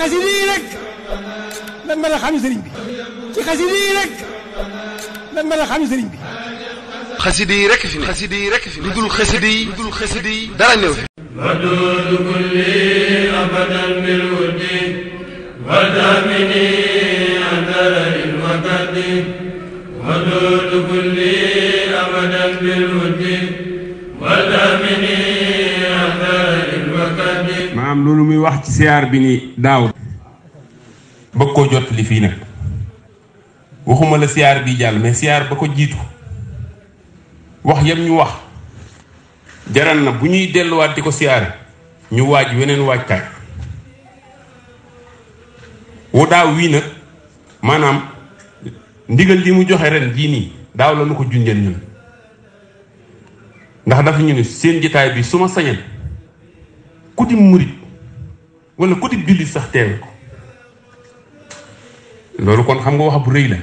xasida yi rek lan mën a xam sëriñ bi ci xasida yi rek lan mën a xam sëriñ bi xasida yi rek fi ne xasida yi rek fi ne lu dul xasida yi lu dul xasida yi dara néew fi waduud kulli abadan bil wuddi wa damini andarin wa kaddi waduud kulli abadan bil wuddi wa damini andarin maanaam loolu muy wax ci siyaar bi ni daaw bëgg koo jot li fii nag waxuma la siyaar bi jàll mais siyaar ba ko jiitu wax yam ñu wax jaral na bu ñuy delluwaat di ko siyaare ñu waaj weneen waajtaay wu daaw wii nag maanaam ndigal li mu joxe ren jii nii daaw la nu ko junjeen ñun ndax dafa ñu ne seen jataay bi su ma sañal ku murit wala côté jullit sax teewe ko loolu kon xam nga wax bu rëy la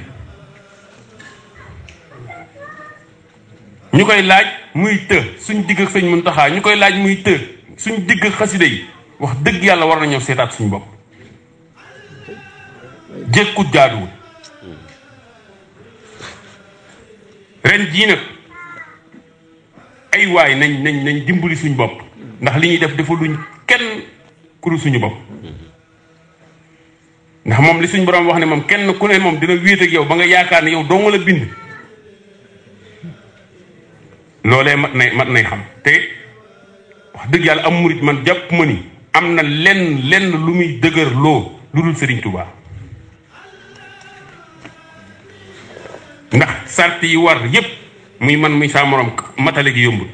ñu koy laaj muy të suñ digg ak mun Muntaxa ñu koy laaj muy të suñ digg ak xasida yi wax dëgg yàlla war nañoo seetaat suñu bopp jékkut jaaduwul ren jii nag ay waay nañ nañ nañ dimbali suñ bopp ndax li ñuy def dafa luñ kenn kuru suñu ndax moom li suñu borom wax ne moom kenn ku ne moom dina wéet ak yow ba nga yaakaar ne doo dong la bind loolee mat nay mat nay xam te wax dëgg yàlla am murit man jàpp ma ni am na lenn lenn lu muy dëgër loo lu dul Sëriñ Tuubaa ndax sart yi war yépp muy man muy saa morom matale gi yombul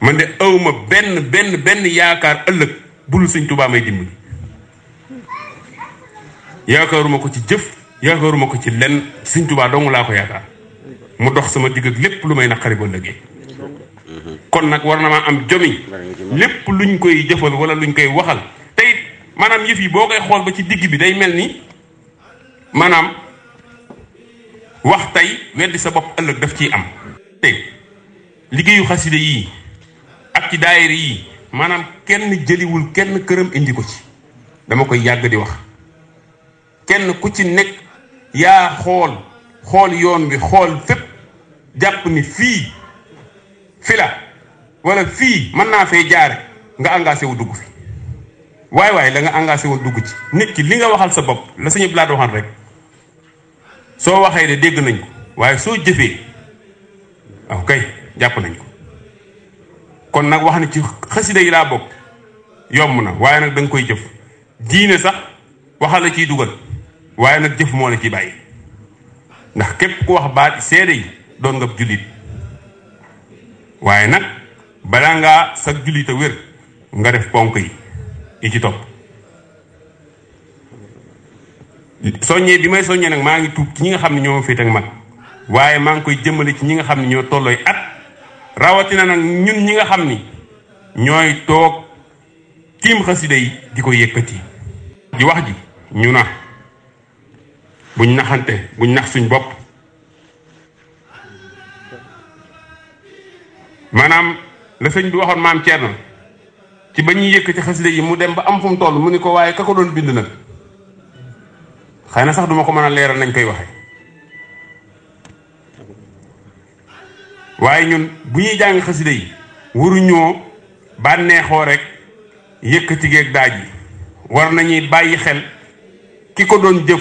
man de awma benn benn benn yaakaar ëllëg bul siñ tubaa may dimbali yaakaaruma ko ci jëf yaakaaruma ko ci lenn sëñ Tuubaa dong laa ko yaakaar mu dox sama digg ak lépp lu may naqari ba ëllëgee kon nag war na maa am jomi lépp luñ koy jëfal wala luñ koy waxal te it maanaam yëf yi boo koy xool ba ci digg bi day mel ni maanaam wax tey weddi sa bopp ëllëg daf ciy am te liggéeyu xaside yii ak ci daayir yi maanaam kenn jëliwul kenn këram indi ko ci dama koy yàgg di wax kenn ku ci nekk yaa xool xool yoon bi xool fépp jàpp ni fii fila la wala fii mën naa fee jaare nga engagé wu dugg fi waaye waaye la nga engagé wu dugg ci nit ki li nga waxal sa bopp la sa sañu laa waxal rek soo waxee de dégg nañ ko waaye soo jëfee waaw kay jàpp nañ ko kon nag wax na ci xasida yi laa bokk yomb na waaye nag danga koy jëf diine sax waxal ciy dugal waaye nag jëf moo la ci bàyyi ndax képp ku wax baat seede yi doon nga jullit waaye nag balaa ngaa sag jullit a wér nga def ponk yi yi ci topp soññee bi may soññee nag maa ngi tuub ci ñi nga xam ne ñoo ma féete ak mag waaye maa ngi koy jëmale ci ñi nga xam ne ñoo tollooy at rawatina nag ñun ñi nga xam ni ñooy toog tiim xasida yi di ko yëkkati ji wax ji ñu na buñ naxante buñ nax suñ bopp maanaam la sëñ bi waxoon maam Thierno ci ba ñuy yëkkati xasida yi mu dem ba am fu mu toll mu ni ko waaye ka ko doon bind nag xëy na sax duma ko mën a leeral nañ koy waxe waaye ñun bu ñuy jàng xasida yi waruñoo bànneexoo rek yëkkati geeg daaj yi war nañuy bàyyi xel ki ko doon jëf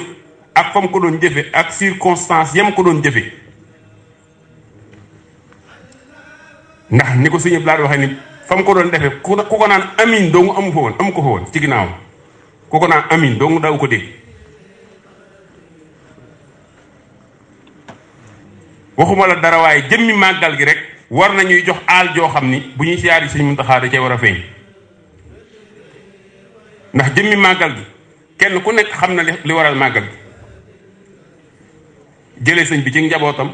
ak fam ko doon jëfe ak circonstance yam ko doon jëfe ndax ni ko suñu blaat waxee ni fam ko doon defe ku ko naan amin doomu amu fa woon amu ko fa woon ci ginnaaw ku ko naan amin doomu daaw ko dégg waxuma la dara waaye jëmmi màggal gi rek war nañuy jox aal joo xam ni bu ñuy siyaari sëñ Muntaxa da cee war a feeñ ndax jëmmi màggal gi kenn ku nekk xam na li waral màggal gi jëlee sëñ bi ci njabootam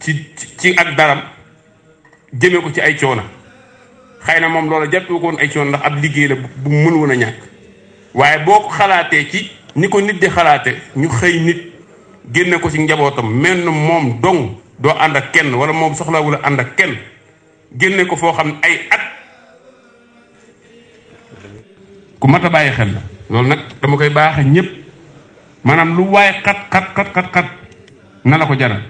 ci ci ak daram jëmee ko ci ay coona xëy na moom loola jàppewu ko woon ay coona ndax ab liggéey la bu mën woon a ñàkk waaye boo xalaatee ci ni ko nit di xalaate ñu xëy nit génne ko ci njabootam mel na moom dong doo ànd ak kenn wala moom soxlawul a ànd ak kenn génne ko foo xam ne ay at ku mat a bàyyi xel la loolu nag dama koy baaxe ñëpp maanaam lu waay xat xat xat na la ko jaral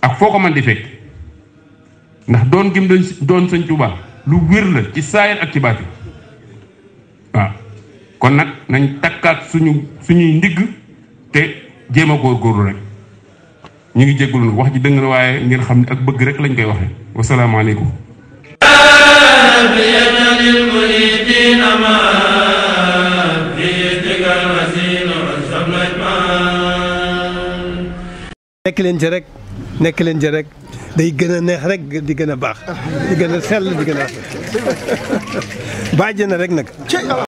ak foo ko man di fekk ndax doon gim doon doon sëñ Tuubaa lu wér la ci saayir ak ci baati waaw kon nag nañ takkaat suñu suñuy ndigg te jéem a góorgóorlu rek ñu ngi jégalu wax ji dëng na waaye ngeen xam ne ak bëgg rek lañu koy waxee wasalaamaaleykum. nekk leen ci rek nekk leen ci rek day gën a neex rek di gën baax di gën a sell di gën a bàjj na rek nag.